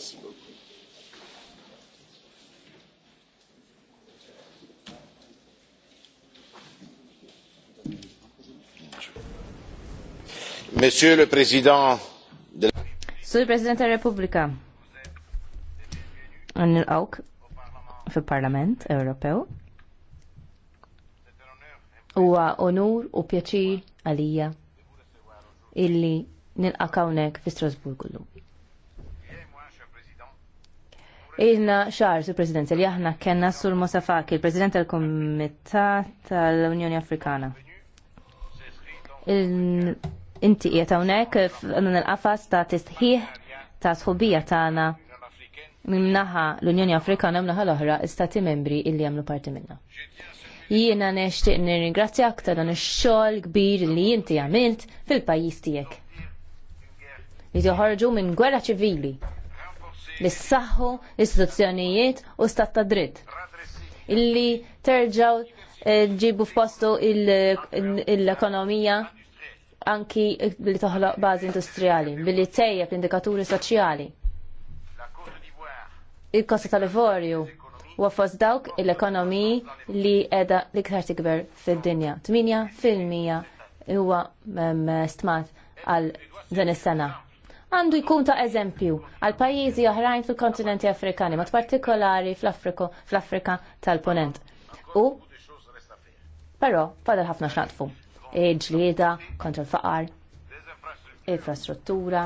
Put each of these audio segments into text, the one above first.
Merci beaucoup. Monsieur le Président de la Sur President ta' Repubblika. Nilqawk fil-Parlament Ewropew. Huwa onur u pjaċir għalija illi nilqak hawnhekk fi Strasburg illum. Iħna xar su prezidenti li aħna kena sur Mosafaki, il-president tal-Komitat tal-Unjoni Afrikana. Inti qiegħed hawnhekk għandna l-qafas ta' tistħih ta' sħubija tagħna minnaħa l-Unjoni Afrikana minnaħa l-oħra istati membri illi għamlu parti minna. Jiena nixtieq nirringrazzja aktar dan ix-xogħol kbir li inti għamilt fil-pajjiż tiegħek. Li toħorġu minn gwerra ċivili l saħħu istituzzjonijiet u stat ta' dritt. Illi terġaw eh, ġibu f'postu l-ekonomija anki billi toħloq bażi industrijali, billi tejjeb l-indikaturi soċjali. Il-Kosta tal ivorju huwa fost dawk l-ekonomiji li qiegħda l-iktar tikber fid-dinja. 8 fil-mija huwa mm, stmat għal din is-sena għandu jkun ta' eżempju għal pajjiżi oħrajn fil-kontinenti Afrikani, mat partikolari fl-Afrika tal-Ponent. U, però, fadal ħafna xnaqfu. Iġlieda kontra l-faqar, infrastruttura,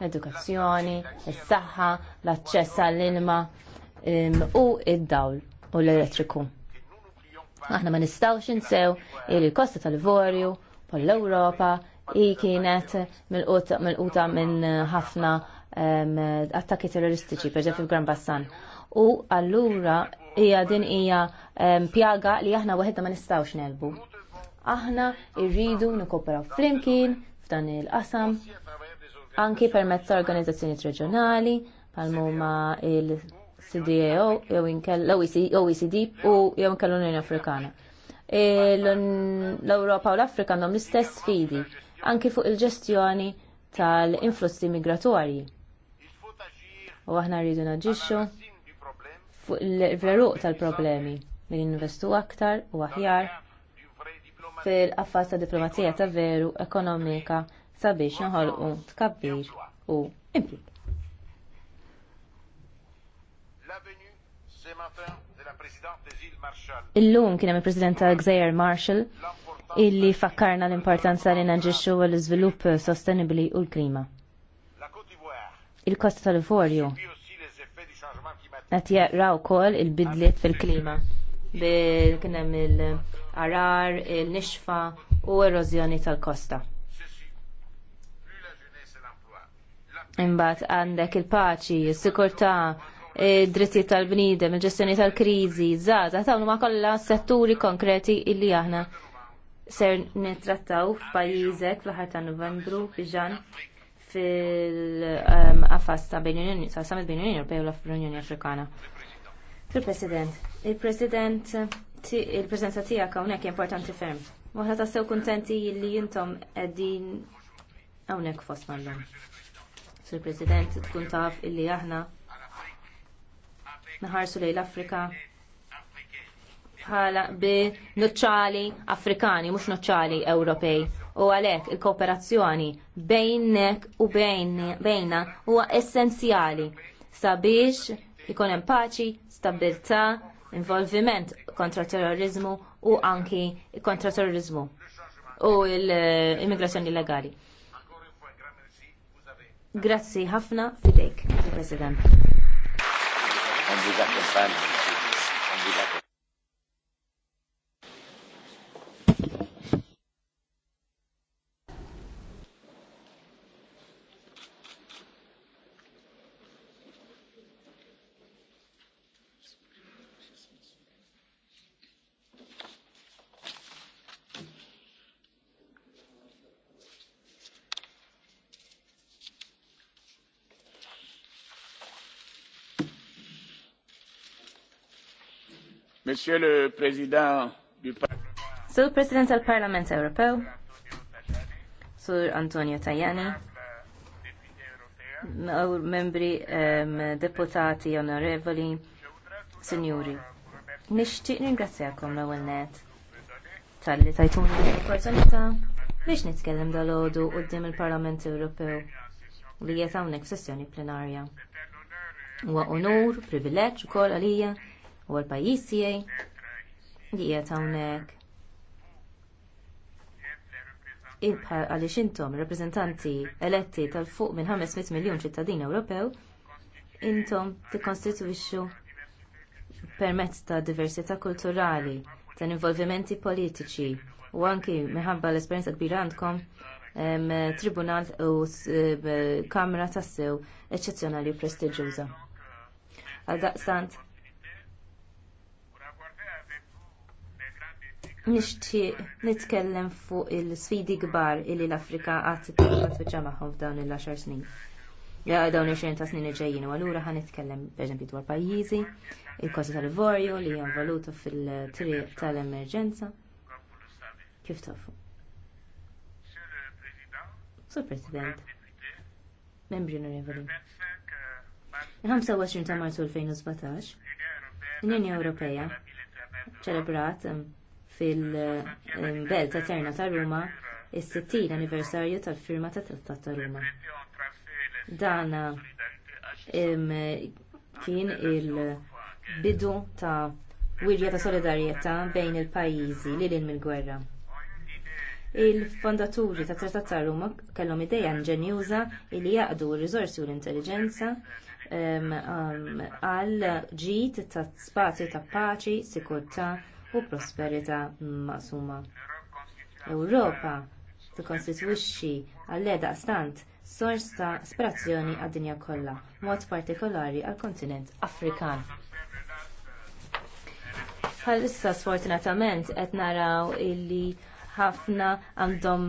l-edukazzjoni, is-saħħa, l-aċċess għall-ilma u id-dawl u l-elettriku. Aħna ma nistawx insew il-kosta tal-vorju, pol l-Europa, i kienet mill-quta minn ħafna attakki terroristiċi, per fil-Gran Bassan. U allura hija din hija pjaga li aħna waħedna ma nistgħux nelbu. Aħna rridu nikkooperaw flimkien f'dan il-qasam anki permezz ta' organizzazzjoni reġjonali bħal ma il-CDAO jew l-OECD e u jew inkella l-Unjoni Afrikana. L-Ewropa u l-Afrika għandhom l-istess fidi anki fuq il-ġestjoni tal-influssi migratorji. U aħna rridu naġixxu fuq il-veruq tal-problemi minn investu aktar u aħjar fil affas ta' diplomazija ta' veru ekonomika sabiex nħolqu tkabbir u impjeg. Illum kien hemm il-President ta' gżejjer Marshall illi fakkarna l-importanza li naġixxu l-iżvilupp sostenibli u l-klima. Il-Kosta tal-Ivorju Natija raw kol il-bidliet fil-klima bil kien hemm il-arar, il-nixfa u erożjoni tal-kosta. Imbagħad għandek il-paċi, il sikurtà id-drittijiet tal-bniedem, il-ġestjoni tal-kriżi, żgħażagħ dawn huma kollha setturi konkreti illi aħna ser nittrattaw f'pajjiżek fl-aħħar ta' Novembru fiġan fil-qafas ta' summit bejn Unjoni Ewropea u l-Unjoni Afrikana. Fil-President, il-President il-preżenza tiegħek hawnhekk importanti ferm. Waħda ta' sew kuntenti li intom qegħdin hawnhekk fost mal-lum. Sur President tkun taf illi aħna naħarsu lejn l-Afrika bħala bi noċċali Afrikani, mhux noċċali Ewropej. U għalhekk il-kooperazzjoni bejnek u bejna huwa essenzjali sabiex ikun hemm paċi, stabilità, involviment kontra terrorizmu u anki kontra terrorizmu u l-immigrazzjoni illegali. Grazzi ħafna fidejk, President. Monsieur le Président du Sur President tal-Parlament Ewropew, Sur Antonio Tajani, membri deputati onorevoli, Signori, nixtieq ningrazzjakom l-ewwel net tal-li tajtuni l-opportunità biex nitkellem dal-għodu qudiem il-Parlament Ewropew li qed hawnhekk sessjoni plenarja. Huwa onur, privileġġ ukoll għalija u għal-pajjiż tiegħi li qiegħed hawnhekk. Għaliex intom rappreżentanti eletti tal-fuq minn 500 miljun ċittadin Ewropew, intom tikkonstitwixxu permezz ta' diversità kulturali, ta' involvimenti politiċi u anki minħabba l-esperjenza kbira għandkom tribunal u eh, kamra tassew eċċezzjonali u prestiġjuża. Għaldaqstant nixtieq nitkellem fuq il-sfidi kbar illi l-Afrika għad titfaċċa magħhom f'dawn il-10 snin. Ja, dawn il-20 ta' snin ġejjin u allura ħan nitkellem pereżempju dwar pajjiżi, il-kosta tal-vorju li hija valuta fil-triq tal-emerġenza. Kif tafu? Sur President, membri onorevoli. Il-25 ta' Marzu 2017, l-Unjoni Ewropea ċelebrat um, fil-belt ta' ta' Ruma is-60 anniversarju tal-firma ta' Trattat ta' Ruma. Dan kien il-bidu ta' wirja ta' solidarjetà bejn il-pajjiżi li lil mill-gwerra. Il-fondaturi tat Trattat ta' Ruma kellhom idea inġenjuża li jaqdu r-riżorsi u l-intelligenza għal ġid ta' spazju ta' paċi, sikurtà u prosperità maqsuma. Ewropa tikkonstitwixxi għall-eda stant sors ta' ispirazzjoni għad-dinja kollha, mod partikolari għall-kontinent Afrikan. Bħalissa sfortunatament qed naraw illi ħafna għandhom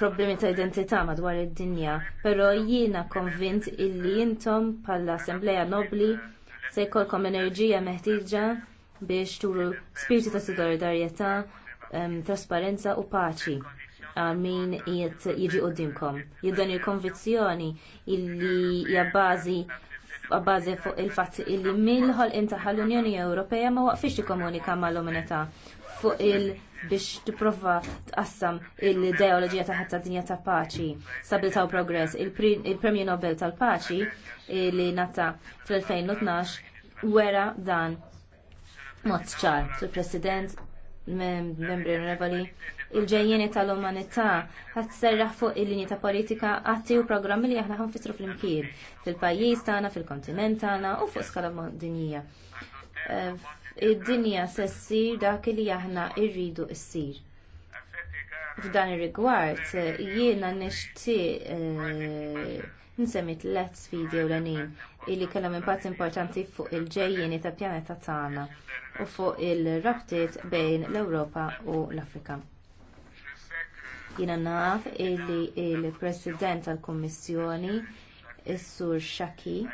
problemi ta' identità madwar id-dinja, però jiena konvint illi intom bħall assembleja Nobbli se jkollkom enerġija meħtieġa biex turu spirti ta' solidarjetà, trasparenza u paċi għal min jiet jiġi qoddimkom. Jiddan il-konvizzjoni illi jabbażi għabbażi fuq il-fatt illi mill-ħol intaħal l-Unjoni Ewropea ma waqfix tikkomunika mal-omenità fuq il- biex tipprova tqassam l-ideoloġija ta' ħatta dinja ta' paċi, stabilità taw progress. Il-Premju Nobel tal-Paċi li nata fl-2012 wera dan Mod ċar, sur President, membri onorevoli, il-ġejjeni tal-umanità ħat serraħ fuq il-linji ta' politika atti u programmi li aħna ħanfisru fl-imkien fil-pajjiż tagħna, fil-kontinent tagħna u fuq skala dinija. Eh, id-dinja se ssir dak li aħna rridu ssir. F'dan ir-rigward jiena nixtieq eh, nsemmi tliet sfidi ewlenin illi kellhom impatt importanti fuq il-ġejjieni tal-pjaneta tagħna u fuq il-rabtiet bejn l-Ewropa u l-Afrika. Jiena naf illi l president tal-Kummissjoni is-Sur Shaki'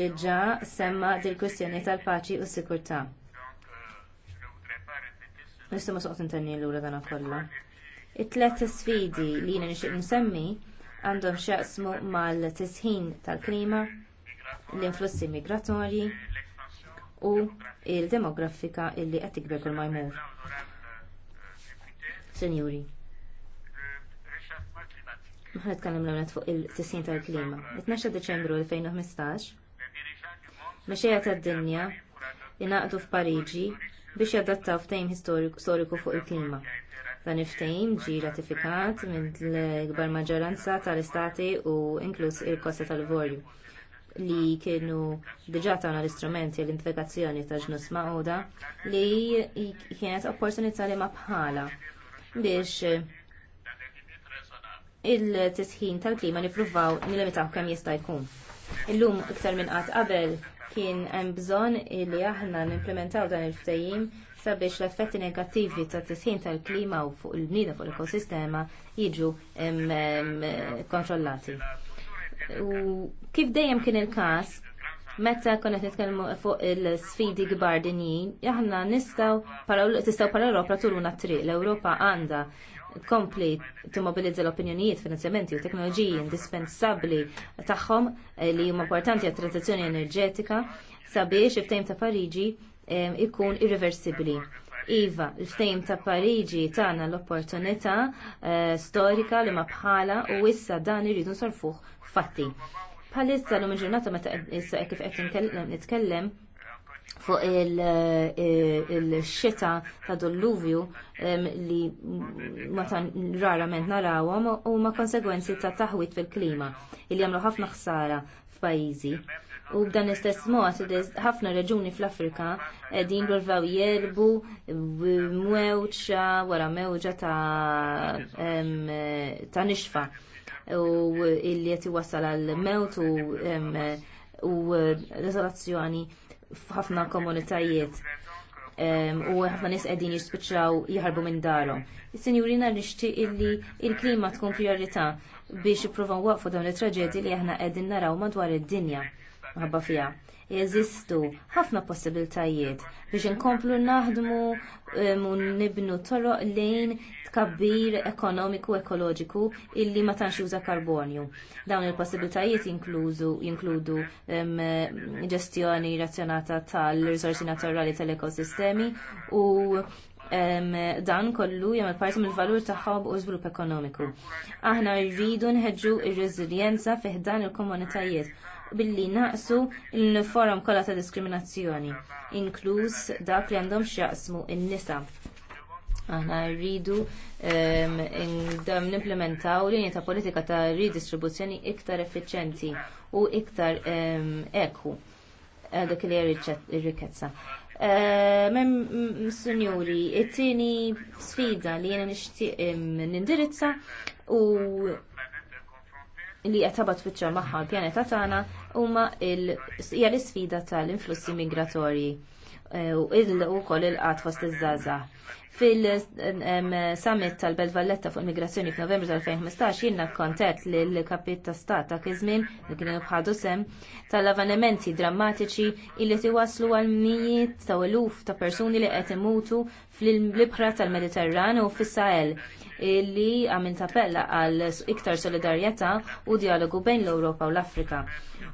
diġà semma dil kwistjoni tal-paċi u s sigurtà Nistgħu ma soqgħod intenni lura dan kollha. It-tlet sfidi li jiena nixtieq nsemmi għandhom xjaqsmu mal-tisħin tal-klima, l-influssi migratorji u l demografika illi qed ikber kull ma jmur. Senjuri. Maħna nitkellem l fuq il-tisħin tal-klima. 12 Deċembru 2015, mexejja tad-dinja jingħaqdu f'Pariġi biex jadattaw ftehim storiku fuq il-klima. Dan il-ftehim ġie ratifikat minn l maġġoranza tal-istati u inkluż il-Kosta tal-Vorju li kienu diġà tagħna l-istrumenti l-infikazzjoni ta' ġnus Magħquda li kienet opportunità li ma bħala biex il-tisħin tal-klima nippruvaw nilimitaw kemm jista' jkun. Illum iktar minn qatt qabel kien hemm bżonn li aħna nimplementaw dan il-ftehim sabiex l-effetti negattivi ta' tisħin tal-klima u fuq il-bnida fuq l-ekosistema jiġu kontrollati. U kif dejjem kien il-każ, meta konet nitkellmu fuq il-sfidi kbar dinjin, aħna nistgħu tistgħu bħala Ewropa turuna triq. L-Ewropa għandha tkompli timmobilizza l-opinjonijiet, finanzjamenti u teknoloġiji indispensabbli tagħhom eh, li huma importanti għat-tranzizzjoni enerġetika sabiex iftejm ta' Pariġi ikun irreversibbli. Iva, l-ftejm ta' Pariġi tagħna l-opportunità eh, storika li ma bħala u issa dan irridu nsorfuh fatti. Bħalissa l-lum ġurnata meta issa kif qed nitkellem fuq eh, il-xita ta' dolluvju li meta rarament narawhom huma konsegwenzi ta' taħwit fil-klima li jagħmlu ħafna ħsara f'pajjiżi U b'dan istess mod, ħafna reġuni fl-Afrika qegħdin l-urvaw jerbu wara mewġa ta' ta' nixfa u illi qed iwassal għal mewt u u f'ħafna komunitajiet u ħafna nies qegħdin jispiċċaw jaħarbu minn darhom. Is-sinjurina nixtieq illi il-klima tkun prijorità biex ippruvaw waqfu dawn it-traġedji li aħna qegħdin naraw madwar id-dinja mħabba fiha. Jeżistu ħafna possibiltajiet biex inkomplu naħdmu u nibnu toroq lejn tkabbir ekonomiku ekoloġiku illi ma tantx juża karbonju. Dawn il-possibiltajiet jinkludu ġestjoni razzjonata tal-risorsi naturali tal-ekosistemi u dan kollu jagħmel parti mill-valur tagħhom u żvilupp ekonomiku. Aħna rridu nħeġġu r-reżiljenza fih dan il-komunitajiet billi naqsu l-forum kollha ta' diskriminazzjoni, inkluż dak li għandhom x'jaqsmu in-nisa. Aħna rridu ehm, nimplementaw linja ta' politika ta' ridistribuzzjoni iktar effiċjenti u iktar eku ehm, eh, dak li ir-rikkezza. Eh, mem sunjuri, it-tieni sfida li jena nixtieq ehm, nindirizza u li qed fitxar maħħa magħha l tagħna huma hija l-isfida tal-influssi migratorji eh, u il ukoll il-qatt fost iż-żgħażagħ. Fil-summit tal-Belt Valletta fuq immigrazzjoni f'Novembru tal-2015 jiena kontet li l-kapit ta' stat ta' Kizmin li kienu bħadu sem tal-avvenimenti drammatiċi illi tiwaslu għal mijiet ta' eluf ta' persuni li qed imutu fl-libħra tal-Mediterran u fis-Sahel illi għamil tapella għal iktar solidarjetà u dialogu bejn l-Ewropa u l-Afrika.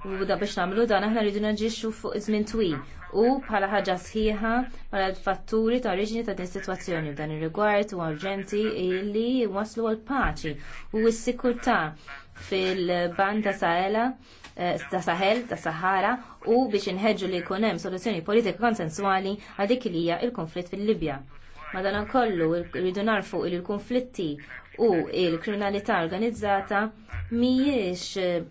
U da biex nagħmlu dan aħna rridu naġixxu fuq żmien twil u bħala ħaġa sħiħa bħala l-fatturi ta' riġni ta' din sitwazzjoni leġiżlazzjoni f'dan ir-rigward u urġenti li waslu għal paċi u s-sikurtà fil-banda saħela eh, ta' Sahel, ta' Sahara u biex inħeġġu li jkun hemm soluzzjoni politika konsensuali għal dik li hija l-konflitt fil-Libja. Madankollu rridu narfu li l kunflitti u l kriminalità organizzata mhijiex eh,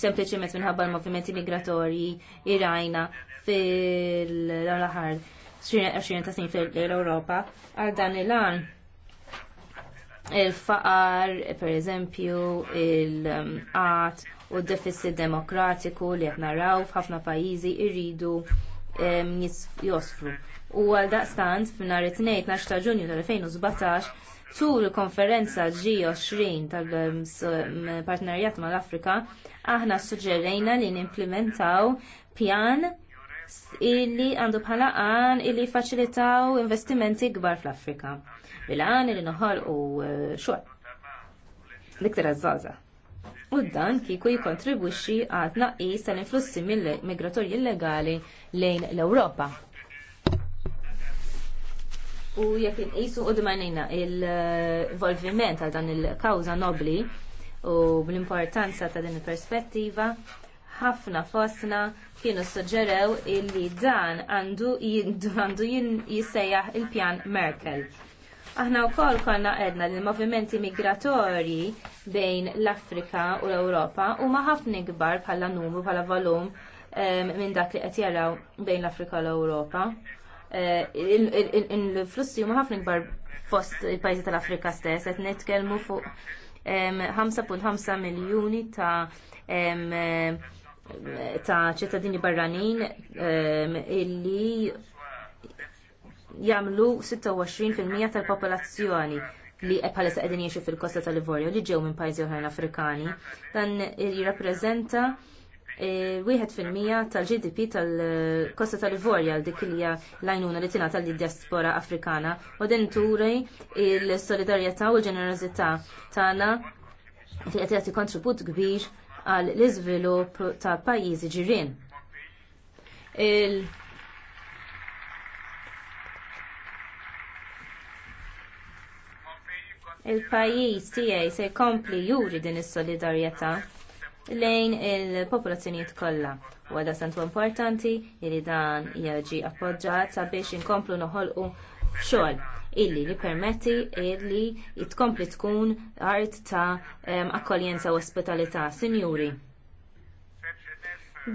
sempliċement minħabba l-movimenti migratorji irajna fil-laħar 20 ta' snin fil-Europa għal dan il-għan il-faqar, per eżempju, il-qat u d-deficit demokratiku li qed naraw f'ħafna pajjiżi irridu josfru. U għal daqstant f'nar it-tnejn 12 ta' Ġunju tal-2017 tul konferenza G20 tal-partnerjat mal-Afrika aħna suġġerejna li n-implementaw pjan illi għandu bħala għan illi faċilitaw investimenti gbar fl-Afrika. Bil-għan illi noħol u eh, xor. Liktar għazzaza. U dan kiku jikontribwixi għad naqis tal-influssi mill migratorji illegali lejn l-Europa. U jekk inqisu u dmanina il-volviment għal dan il-kawza nobli u l-importanza ta' din il-perspettiva, ħafna fosna kienu suġġerew illi dan għandu jissejjaħ il-pjan Merkel. Aħna wkoll konna għedna li l-movimenti migratorji bejn l-Afrika u l-Ewropa huma ħafna kbar bħala numru bħala volum minn dak li qed jaraw bejn l-Afrika u l-Ewropa. Eh, il-flussi huma ħafna ikbar fost il-pajjiżi tal-Afrika stess qed nitkellmu fuq 5.5 miljuni ta' ta' ċittadini barranin ehm, illi jagħmlu 26% tal-popolazzjoni li bħalissa qegħdin jgħixu fil-kosta tal-Livorja li ġew minn pajjiżi oħrajn Afrikani dan jirrappreżenta eh, wieħed fil-mija tal-GDP tal-Kosta tal livorja għal dik hija l-għajnuna li tingħata lid diaspora Afrikana u din turi l-solidarjetà u l-ġenerożità tagħna li qed jagħti kontribut kbir għal l-iżvilupp ta' pajjiżi ġirien. Il il-pajjiż tiegħi se jkompli juri din is-solidarjetà lejn il-popolazzjonijiet kollha. Wada santu importanti li dan jaġi appoġġjat sabiex inkomplu noħolqu xogħol illi li permetti illi tkompli tkun art ta' akkoljenza u ospitalità. Sinjuri,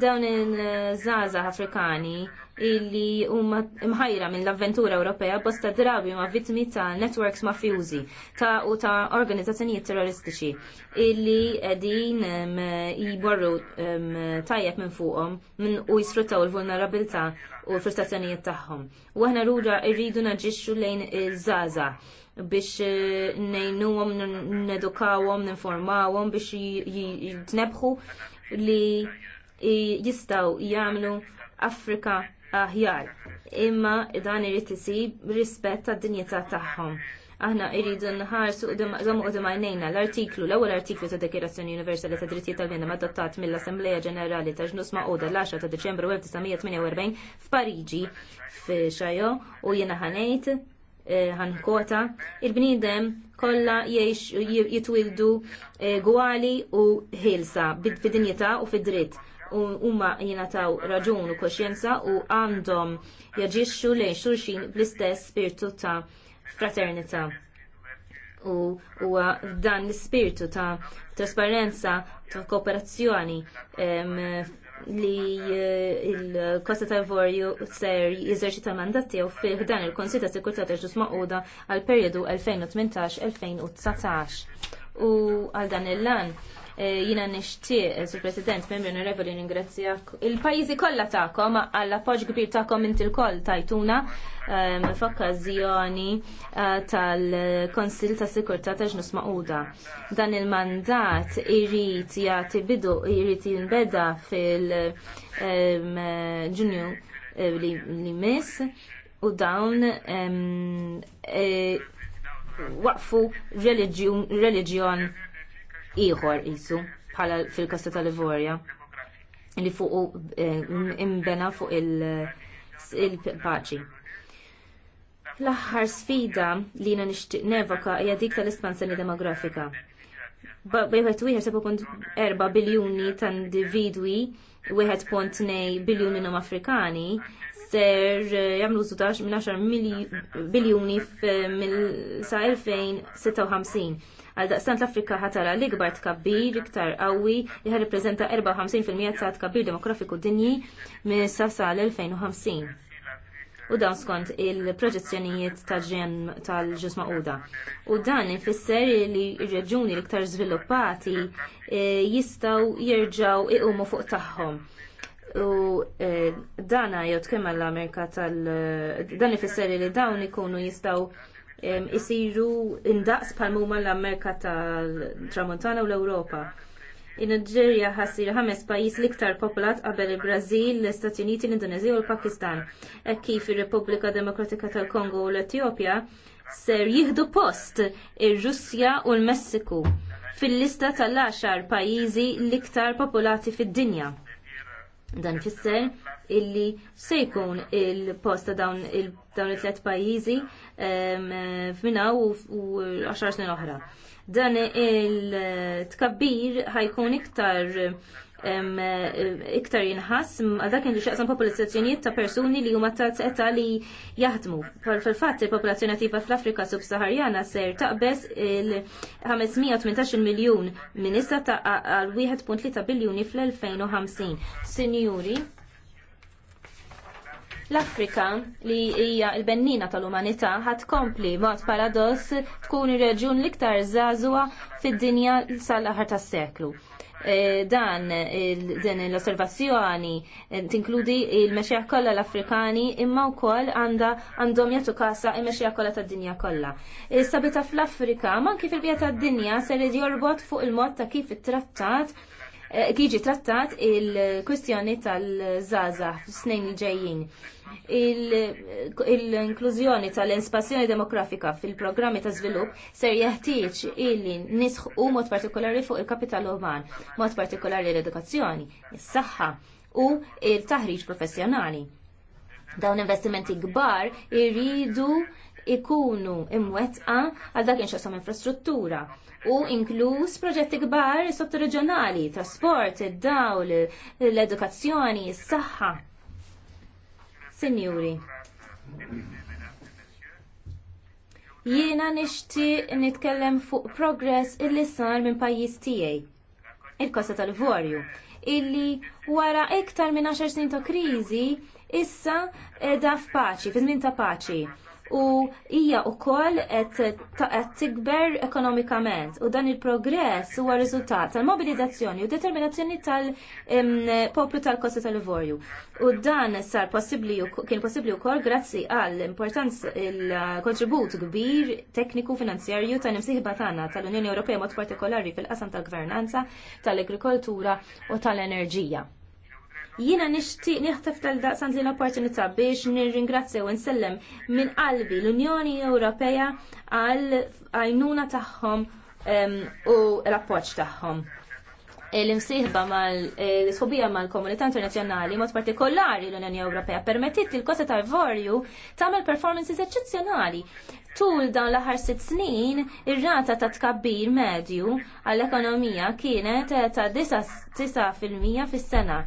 dawn il-żaza Afrikani illi huma imħajra minn l-avventura Ewropea bosta drabi ma' vittmi ta' networks mafjużi ta' u ta' organizzazzjonijiet terroristiċi illi qegħdin jiborru tajjeb minn fuqhom minn u jisfruttaw il-vulnerabilità u l-frustrazzjonijiet tagħhom. U aħna rruġa rridu naġixxu lejn iż-żaża biex eh, nejnuhom, nedukawhom, ninformawhom biex jitnebħu li jistaw jagħmlu Afrika aħjar, imma dan irid isib rispett tad-dinjità tagħhom. Aħna irridu nħarsu żommu qudiem għajnejna l-artiklu, l-ewwel artiklu ta' Dekirazzjoni Universali ta' Drittijiet tal-Bnedem adottat mill-Assembleja Ġenerali ta' Ġnus Maquda l-10 ta' Diċembru 1948 f'Pariġi f'Xajo u jiena ħanejt eh, ħankota, il-bniedem kollha jitwildu eh, gwali u ħilsa bid-dinjità u fid-dritt huma jingħataw raġun u koxjenza u għandhom jaġixxu lejn xulxin bl-istess spirtu ta' fraternità. U huwa dan l-ispirtu ta' trasparenza ta' kooperazzjoni li eh, il-Kosta ta' Vorju ser jiżerċita mandat tiegħu fil dan il-Konsil ta' Sekurta ta' Ġus Maquda għal periodu 2018-2019. U għal dan il-lan Eh, jina nixtieq, eh, Sur President, membri onorevoli ningrazzjak il-pajjiżi kollha tagħkom għall appoġġ kbir tagħkom intilkoll tajtuna ehm, f'okkażjoni eh, tal-Konsil ta' Sikurtà ta' Ġnus Ma'uda. Dan il-mandat irrit jagħti bidu irrit jinbeda fil-ġunju ehm, li miss u dawn ehm, waqfu religjon ieħor isu bħala fil kasta tal-Livorja li fuq eh, imbena fuq il-paċi. L-aħħar sfida li jiena nixtieq nevoka hija dik tal-espansjoni demografika. Bejħet wieħed 7.4 biljuni ta' individwi, 1.2 biljuni minnhom Afrikani, ser eh, jagħmlu żutax minn 10 biljuni sa' 2056 Għal daqstant l-Afrika ħatara li ikbar tkabbir iktar qawwi li reprezenta 54% ta' tkabbir demografiku dinji minn sa l 2050 U dan skont il-proġezzjonijiet tal-ġusma Uda. U dan ifisser li r-reġuni l-iktar żviluppati eh, jistgħu jerġgħu iqumu fuq tagħhom u eh, dana jgħod kemm l-Amerika tal- dan ifisser li dawn ikunu jistaw isiru indaqs pal-muma l-Amerika tal-Tramontana u l-Europa. In-Niġerja ħassir ħames pajjiż l-iktar popolat qabel il-Brażil, l-Istati Uniti, l indonezija u l-Pakistan. Hekk kif ir-Repubblika Demokratika tal-Kongo u l-Etjopja ser jieħdu post ir-Russja u l-Messiku fil-lista tal-10 pajjiżi l-iktar popolati fid-dinja. Dan fisser illi se jkun il-post ta' dawn it tlet pajjiżi f'mina u 10 snin oħra. Dan il-tkabbir ħajkun iktar iktar jinħass għal dak li xaqsam popolazzjonijiet ta' persuni li huma ta' età li jaħdmu. Fil-fatt il-popolazzjoni attiva fl-Afrika subsaharjana ser taqbes il-518 miljun minn issa ta' għal 1.3 biljuni fl-2050. Sinjuri, L-Afrika li hija l-bennina tal-umanità ħad kompli mod paradoss tkun ir-reġjun l-iktar żagħżugħa fid-dinja sal-aħar tas-seklu. E, dan din l-osservazzjoni e, tinkludi il-mexja kollha l-Afrikani imma wkoll għandha għandhom jagħtu kasa il-mexja kollha tad-dinja kollha. Is-sabita fl-Afrika ma kif il-bija tad-dinja ser jorbot fuq il-mod ta' kif it-trattat Eh, tiġi trattat il kwestjoni tal-żaza snin li ġejjin. Il-inklużjoni tal espansjoni demografika fil-programmi ta' żvilupp ser jeħtieġ illi nisħu mod partikolari fuq il-kapital uman, mod partikolari l-edukazzjoni, is-saħħa u il-taħriġ professjonali. Dawn investimenti kbar irridu ikunu imwetqa għal dak inxaqsam infrastruttura u inkluż proġetti kbar sottoreġjonali, trasport, id-dawl, l-edukazzjoni, s-saħħa. Sinjuri. Jiena nixtieq nitkellem fuq progress illi sar minn pajjiż tiegħi. Il-Kosta tal-Vorju illi wara iktar minn 10 snin ta' kriżi issa da f'paċi, fi żmien ta' paċi u hija wkoll qed tikber ekonomikament u dan il-progress huwa riżultat tal-mobilizzazzjoni u determinazzjoni tal-poplu tal-Kosta tal-Livorju. U dan sar possibbli kien possibbli wkoll grazzi għall importanz il-kontribut kbir tekniku finanzjarju ta' nimsieħba tagħna tal-Unjoni Ewropea mod partikolari fil-qasam tal-gvernanza, tal-agrikoltura u tal-enerġija. Jiena nixtieq niħtaf tal-daqsant li l-opportunità biex nirringrazzja u nsellem minn qalbi l-Unjoni Ewropea għal għajnuna tagħhom u l-appoġġ tagħhom l-imsieħba mal-sħobija mal-komunità internazjonali, mod partikolari l-Unjoni Ewropea, permettit il-Kosta ta' vorju tagħmel performances eċċezzjonali. Tul dawn l-aħħar sitt snin, ir-rata ta' tkabbir medju għall-ekonomija kienet ta' 9% fil-mija fis-sena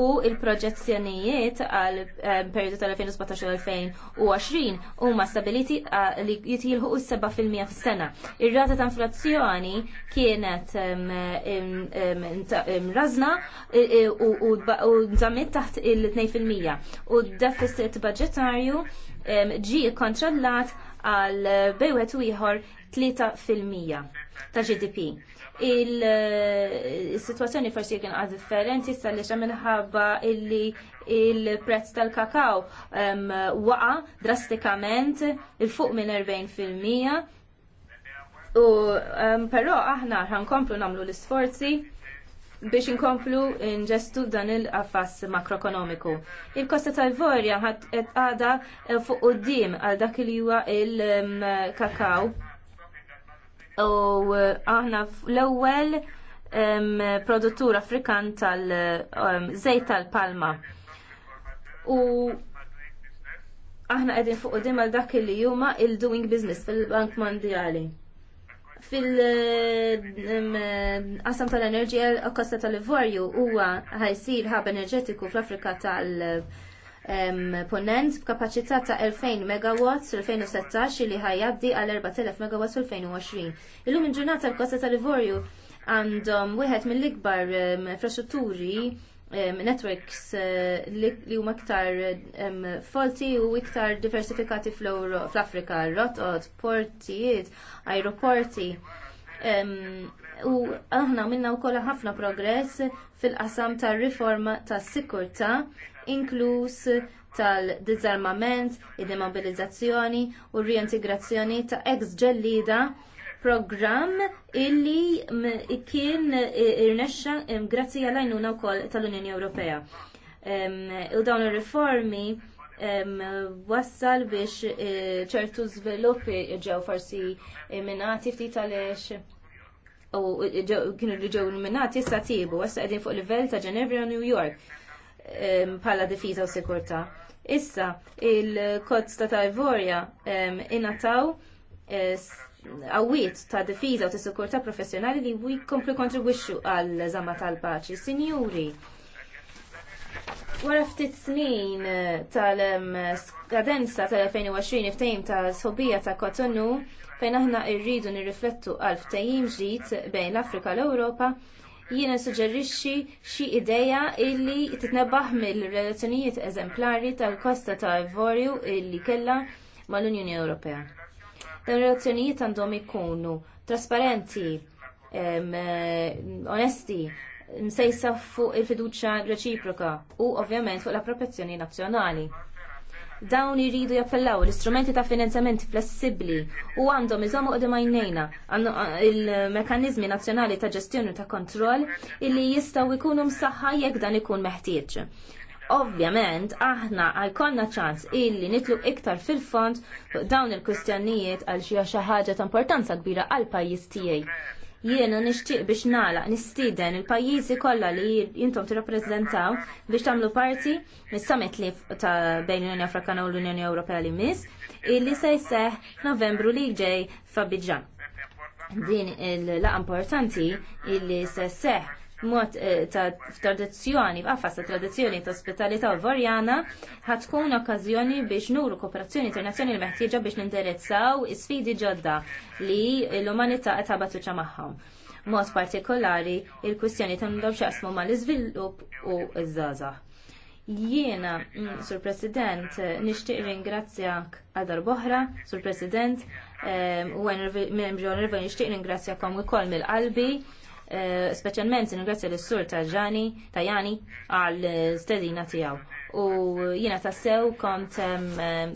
u il-proġezzjonijiet għal eh, periodu tal-2017-2020 huma stabiliti eh, li jitilħu s-7% fis-sena. Ir-rata ta' inflazzjoni kienet mrażna u nżammit taħt il-2% u d-deficit budġetarju ġie kontrollat għal bejwet u ieħor 3% ta' GDP. Il-situazzjoni eh, forsi kien għad differenti sal-lixa minħabba illi il-prezz tal-kakaw waqa drastikament il-fuq minn 40%. U però aħna komplu namlu l-isforzi biex inkomplu nġestu dan il affass makroekonomiku. Il-kosta tal-vorja għada eh, fuq u d għal dak li huwa il-kakaw u eh, aħna l-ewwel produttur Afrikan tal-żejt tal-palma. U aħna qegħdin fuq qudiem għal dak li huma il-doing business fil-Bank Mondjali. Fil-qasam tal-enerġija l-kosta tal-ivorju huwa ħajsir ħab enerġetiku fl-Afrika tal- ponent b'kapaċità ta' 2000 MW fil-2016 li ħajjabdi għal 4000 MW fil-2020. Illum il-ġurnata l-Kosta tal-Livorju għandhom wieħed mill-ikbar infrastrutturi networks eh, li huma iktar folti u iktar diversifikati fl-Afrika, rotot, portijiet, aeroporti u aħna minna wkoll ħafna progress fil-qasam tar-riforma tas-sikurtà inkluż tal-dizarmament, id-demobilizzazzjoni u r-reintegrazzjoni ta' ex ġellida program illi kien irnexxa grazzi għal għajnuna wkoll tal-Unjoni Ewropea. U dawn ir-riformi wassal biex e, ċertu żviluppi ġew forsi minati ftit għaliex u kienu li ġew minnati issa tibu, issa qegħdin fuq livell ta' Ġenevra u New York bħala difiża u sikurtà. Issa il-kodz ta' Ivorja inataw e, għawit ta' difiża u ta' sikurtà professjonali li jkomplu kontribwixxu għal żama tal-paċi. Sinjuri, Wara ftit snin eh, tal-skadenza eh, tal-2020 ftehim tal-sħobija ta' Kotonu fejn aħna rridu nirriflettu għal ftehim ġdid bejn l-Afrika l-Ewropa jiena suġġerixxi xi ideja illi titnebbaħ mill-relazzjonijiet eżemplari tal-Kosta ta' Ivorju illi kellha mal-Unjoni Ewropea. Dan relazzjonijiet għandhom ikunu trasparenti, eh, onesti, msejsa fuq il-fiduċa reċiproka u ovvjament fuq l-appropriazzjoni nazzjonali. Dawn iridu jappellaw l-istrumenti ta' finanzjament flessibli u għandhom iżommu d għajnejna il-mekanizmi nazzjonali ta' ġestjoni ta' kontroll illi jistaw ikunu msaħħa jekk dan ikun meħtieġ. Ovvjament, aħna għajkonna ċans illi nitlu iktar fil-fond dawn il-kustjonijiet għal xi ħaġa ta' importanza kbira għal pajjiż tiegħi jiena nixtieq biex nagħlaq nistieden il-pajjiżi kollha li intom tirrappreżentaw biex tagħmlu parti mis-summit li ta' bejn l-Unjoni Afrikana u l-Unjoni Ewropea li miss illi se jseħħ Novembru li ġej f'Abidjan. Din il-laqa importanti illi se seħ mod eh, ta' tradizzjoni, b'qafas ta' tradizzjoni ta' ospitalità varjana, ħatkun okkażjoni biex nuru kooperazzjoni internazzjonali meħtieġa biex nindirizzaw is-sfidi ġodda li l-umanità qed tabatuċa magħhom. Mod partikolari il-kwistjoni ta' ndob xaqsmu mal-iżvilupp u ż żgħażagħ Jiena, mm, Sur President, nixtieq ringrazzjak għal boħra, Sur President, eh, u għen membri għon nixtieq ringrazzjakom ukoll mill-qalbi Eh, specialment ringrazzja l sur Tajani Jani għal stedina tiegħu. U jiena tassew kont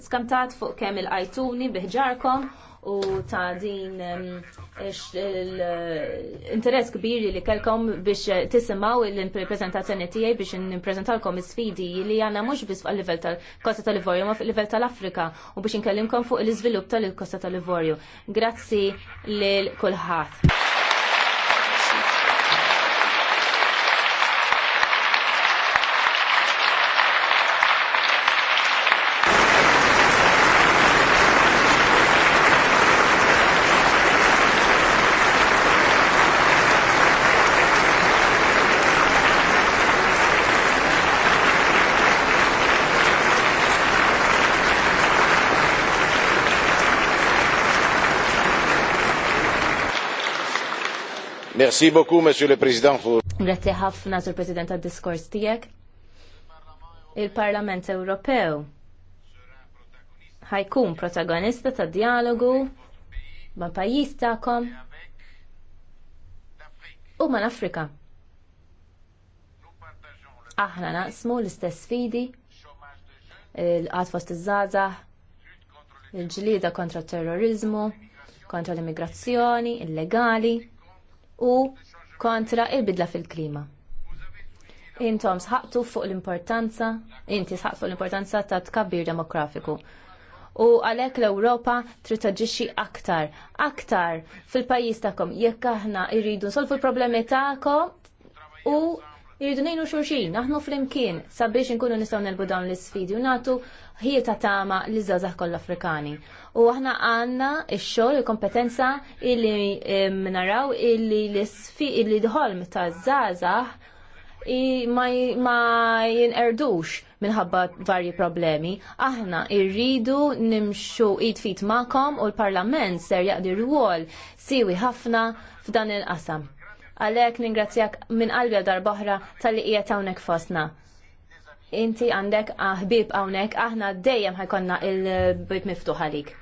skamtat fuq kemm il-qajtuni biħġarkom u ta' din l-interess kbir li kelkom biex tisimaw il-prezentazzjoni tiegħi biex nippreżentalkom is-sfidi li għandna mhux biss fuq livell tal-Kosta tal-Livorju ma fuq livell tal-Afrika u biex inkellimkom fuq l izvilup tal-Kosta tal-Livorju. Grazzi lil kulħadd. Merci beaucoup, Monsieur le Président. Grazie ħafna, Sur President, għad diskors tijek. Il-Parlament Ewropew ħajkun protagonista ta' dialogu ma' pajis ta'kom u ma' l-Afrika. Aħna naqsmu l-istess fidi: l-qat iż-żgħażagħ, il-ġlieda kontra terrorizmu, kontra l-immigrazzjoni illegali u kontra il-bidla fil-klima. Intom sħaqtu fuq l-importanza, inti sħaqtu fuq l-importanza ta' tkabbir demografiku u għalek l-Europa trid taġixxi aktar, aktar fil-pajjiż tagħkom jekk aħna jridu nsolvu l-problemi tagħkom u Irridu nejnu xurxin, naħnu flimkien sabiex nkunu nistgħu nelbu dawn l-isfidi u nagħtu ħija ta' tama li zazah kollha Afrikani. U aħna għandna il xogħol il-kompetenza illi naraw illi l-isfi illi dħolm ta' zazah ma jinqerdux minħabba varji problemi. Aħna irridu nimxu id fit ma'kom u l-Parlament ser jaqdi rwol siwi ħafna f'dan il-qasam għalhekk ningrazzjak minn qalbi darba boħra tal-li qiegħed hawnhekk fostna. Inti għandek ah, ħbieb hawnhekk aħna dejjem ħajkonna il-bib miftuħ għalik.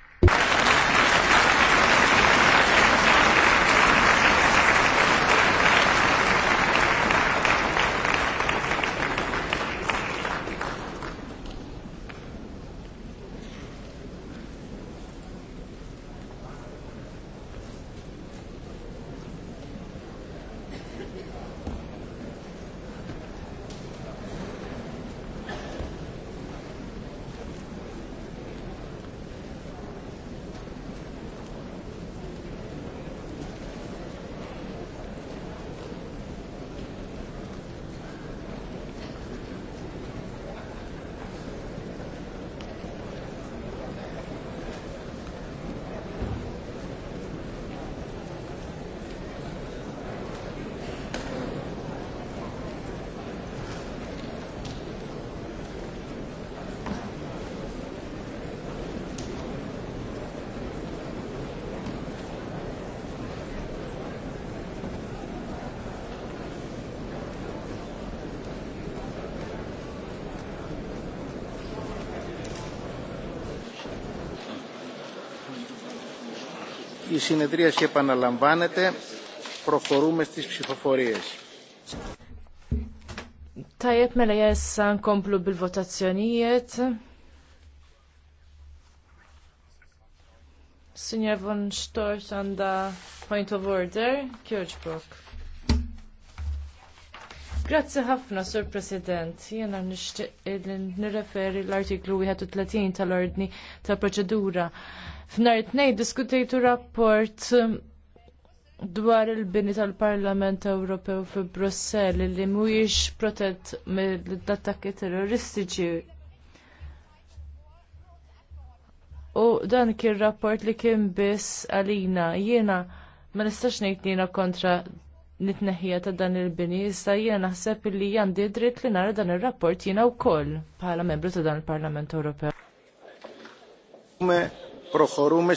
Η συνεδρίαση επαναλαμβάνεται. Προχωρούμε στις ψηφοφορίες. Tajjeb mela jessa nkomplu bil-votazzjonijiet. Signor von Storch għanda point of order, Kirchbrook. Grazzi ħafna, Sur President. Jena nishtiq nirreferi l-artiklu 31 tal-ordni tal-proċedura. tal ordni tal proċedura F'nar tnej diskutejtu rapport um, dwar il-bini tal-Parlament Ewropew fi Brussell li mhuwiex protett mill-attakki terroristiċi. U dan kien rapport li kien biss għalina jiena ma nistax ngħid kontra nitneħħija ta' dan il-bini issa jiena naħseb li għandi dritt li nara dan ir-rapport jiena wkoll bħala membru ta' dan il-Parlament Ewropew. Προχωρούμε